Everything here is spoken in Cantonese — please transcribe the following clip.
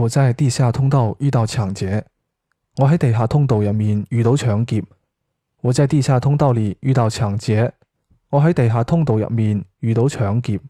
我在地下通道遇到搶劫。我喺地下通道入面遇到搶劫。我在地下通道裏遇到搶劫。我喺地下通道入面遇到搶劫。